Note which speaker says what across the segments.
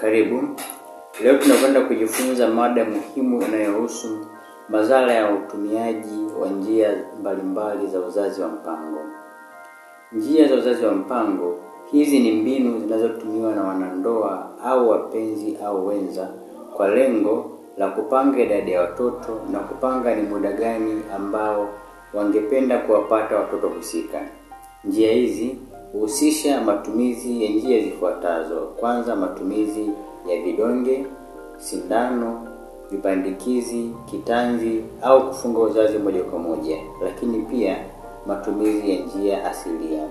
Speaker 1: Karibu. Leo tunakwenda kujifunza mada muhimu inayohusu madhara ya utumiaji wa njia mbalimbali za uzazi wa mpango. Njia za uzazi wa mpango hizi ni mbinu zinazotumiwa na wanandoa au wapenzi au wenza kwa lengo la kupanga idadi ya watoto na kupanga ni muda gani ambao wangependa kuwapata watoto husika. Njia hizi Huhusisha matumizi ya njia zifuatazo. Kwanza, matumizi ya vidonge, sindano, vipandikizi, kitanzi au kufunga uzazi moja kwa moja, lakini pia matumizi ya njia asilia.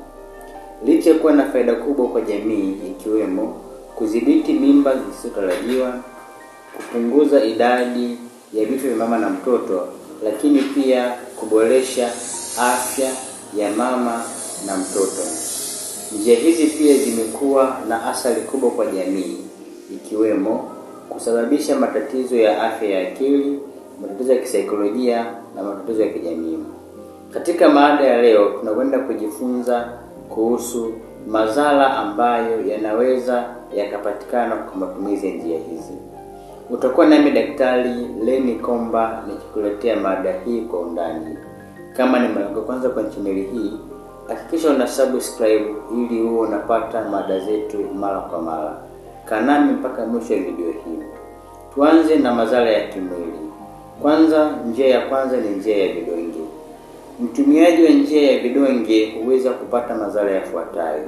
Speaker 1: Licha kuwa na faida kubwa kwa jamii ikiwemo kudhibiti mimba zisizotarajiwa, kupunguza idadi ya vifo vya mama na mtoto, lakini pia kuboresha afya ya mama na mtoto. Njia hizi pia zimekuwa na athari kubwa kwa jamii, ikiwemo kusababisha matatizo ya afya ya akili, matatizo ya kisaikolojia na matatizo ya kijamii. Katika maada ya leo, tunakwenda kujifunza kuhusu madhara ambayo yanaweza yakapatikana kwa matumizi ya njia hizi. Utakuwa nami Daktari Leni Komba nikikuletea mada hii kwa undani. Kama ni mara kwanza kwa chaneli hii hakikisha una subscribe ili huo unapata mada zetu mara kwa mara. Kanani mpaka mwisho ya video hii. Tuanze na madhara ya kimwili. Kwanza, njia ya kwanza ni njia ya vidonge. Mtumiaji wa njia ya vidonge huweza kupata madhara yafuatayo.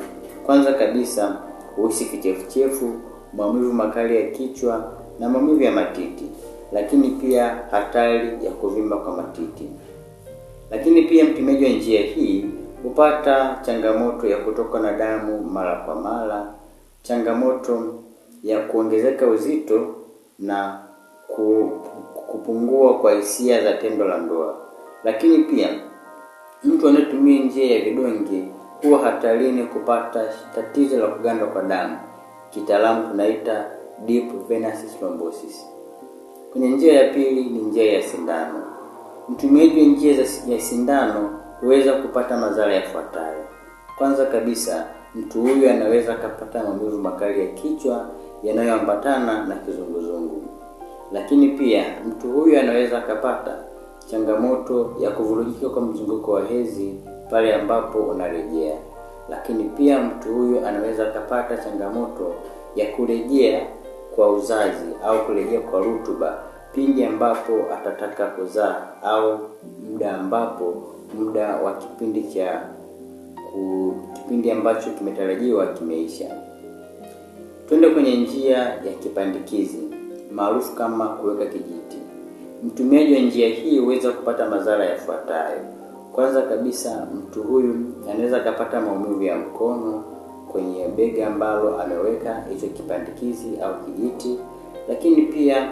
Speaker 1: Kwanza kabisa, huhisi kichefuchefu, maumivu makali ya kichwa na maumivu ya matiti, lakini pia hatari ya kuvimba kwa matiti. Lakini pia mtumiaji wa njia hii hupata changamoto ya kutoka na damu mara kwa mara, changamoto ya kuongezeka uzito na kupungua kwa hisia za tendo la ndoa. Lakini pia mtu anayetumia njia ya vidonge huwa hatarini kupata tatizo la kuganda kwa damu, kitaalamu tunaita deep venous thrombosis. Kwenye njia ya pili ni njia ya sindano. Mtumiaji wa njia ya sindano huweza kupata madhara yafuatayo. Kwanza kabisa, mtu huyu anaweza akapata maumivu makali ya kichwa yanayoambatana na kizunguzungu, lakini pia mtu huyu anaweza akapata changamoto ya kuvurugika kwa mzunguko wa hedhi pale ambapo unarejea, lakini pia mtu huyu anaweza akapata changamoto ya kurejea kwa uzazi au kurejea kwa rutuba pindi ambapo atataka kuzaa au muda ambapo muda wa kipindi cha kipindi ambacho kimetarajiwa kimeisha. Twende kwenye njia ya kipandikizi maarufu kama kuweka kijiti. Mtumiaji wa njia hii huweza kupata madhara yafuatayo. Kwanza kabisa, mtu huyu anaweza akapata maumivu ya mkono kwenye bega ambalo ameweka hicho kipandikizi au kijiti, lakini pia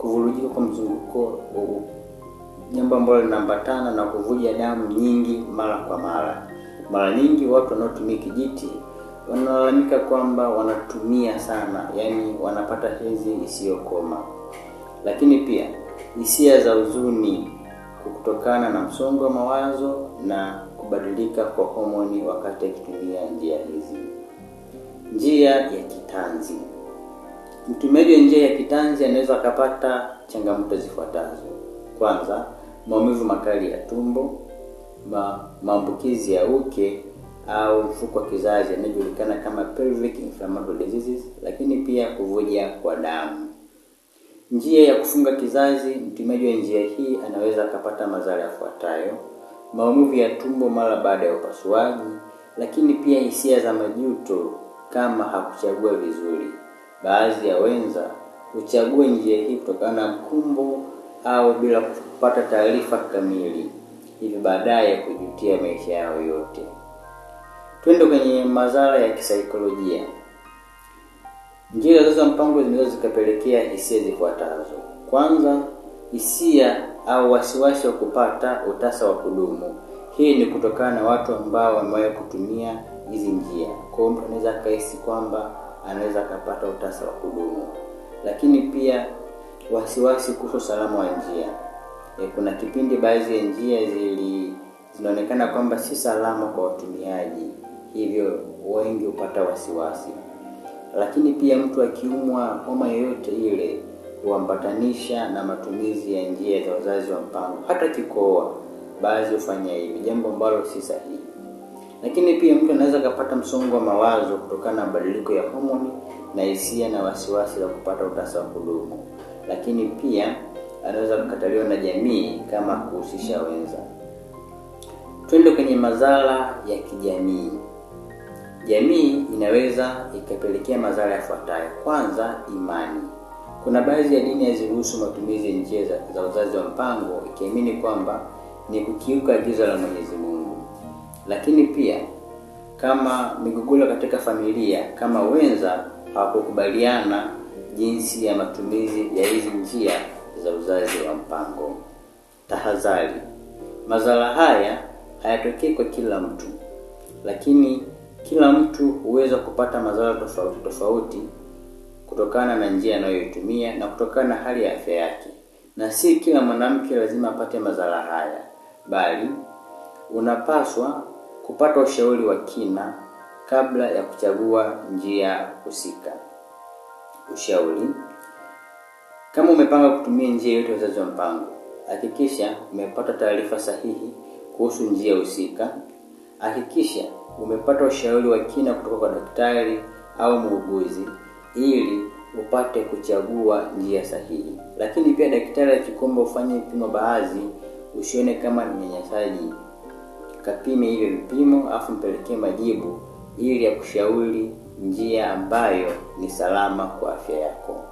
Speaker 1: kuvurujika kwa mzunguko jambo ambalo linaambatana na kuvuja damu nyingi mara kwa mara. Mara nyingi watu wanaotumia kijiti wanalalamika kwamba wanatumia sana, yaani wanapata hedhi isiyokoma. Lakini pia hisia za huzuni kutokana na msongo wa mawazo na kubadilika kwa homoni wakati akitumia njia hizi. Njia ya kitanzi Mtumiaji wa njia ya kitanzi anaweza akapata changamoto zifuatazo: kwanza, maumivu makali ya tumbo, ma, maambukizi ya uke au mfuko wa kizazi yanayojulikana kama pelvic inflammatory diseases, lakini pia kuvuja kwa damu. Njia ya kufunga kizazi, mtumiaji wa njia hii anaweza akapata madhara yafuatayo: maumivu ya tumbo mara baada ya upasuaji, lakini pia hisia za majuto kama hakuchagua vizuri. Baadhi ya wenza huchagua njia hii kutokana na mkumbo au bila kupata taarifa kamili, hivi baadaye kujutia maisha yao yote. Twende kwenye madhara ya kisaikolojia. Njia za mpango zinaweza zikapelekea hisia zifuatazo. Kwanza, hisia au wasiwasi wa kupata utasa wa kudumu. Hii ni kutokana na watu ambao wamewahi kutumia hizi njia. Kwa hiyo mtu anaweza akahisi kwamba anaweza akapata utasa wa kudumu. Lakini pia wasiwasi kuhusu usalama wa njia e, kuna kipindi baadhi ya njia zili zinaonekana kwamba si salama kwa watumiaji, hivyo wengi hupata wasiwasi. Lakini pia mtu akiumwa homa yoyote ile huambatanisha na matumizi ya njia za uzazi wa mpango, hata kikoa baadhi hufanya hivi, jambo ambalo si sahihi. Lakini pia mtu anaweza akapata msongo wa mawazo kutokana na mabadiliko ya homoni na hisia na wasiwasi la kupata utasa wa kudumu. Lakini pia anaweza kukataliwa na jamii kama kuhusisha wenza. Twende kwenye madhara ya kijamii. Jamii inaweza ikapelekea madhara yafuatayo. Kwanza, imani. Kuna baadhi ya dini haziruhusu matumizi ya njia za uzazi wa mpango, ikiamini kwamba ni kukiuka agizo la Mwenyezi Mungu. Lakini pia kama migogoro katika familia, kama wenza hawakukubaliana jinsi ya matumizi ya hizi njia za uzazi wa mpango. Tahadhari, madhara haya hayatokei kwa kila mtu, lakini kila mtu huweza kupata madhara tofauti tofauti kutokana na njia anayoitumia na kutokana na hali ya afya yake, na si kila mwanamke lazima apate madhara haya, bali unapaswa kupata ushauri wa kina kabla ya kuchagua njia husika. Ushauri: kama umepanga kutumia njia yoyote ya uzazi wa mpango, hakikisha umepata taarifa sahihi kuhusu njia husika. Hakikisha umepata ushauri wa kina kutoka kwa daktari au muuguzi ili upate kuchagua njia sahihi. Lakini pia daktari akikomba ufanye vipimo baadhi, usione kama ni unyanyasaji kapime hivyo vipimo afu mpelekee majibu ili ya kushauri njia ambayo ni salama kwa afya yako.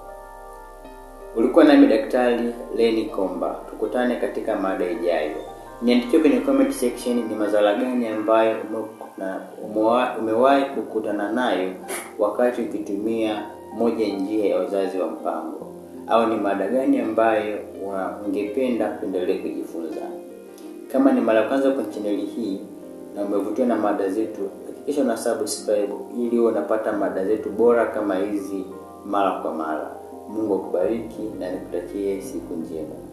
Speaker 1: Ulikuwa nami Daktari Leni Komba, tukutane katika mada ijayo. Niandikie kwenye comment section ni mazala gani ambayo umewahi kukutana nayo wakati ukitumia moja njia ya uzazi wa mpango, au ni mada gani ambayo ungependa kuendelea kujifunza. Kama ni mara ya kwanza kwenye chaneli hii na umevutiwa na mada zetu, hakikisha una subscribe ili unapata mada zetu bora kama hizi mara kwa mara. Mungu akubariki na nikutakie siku njema.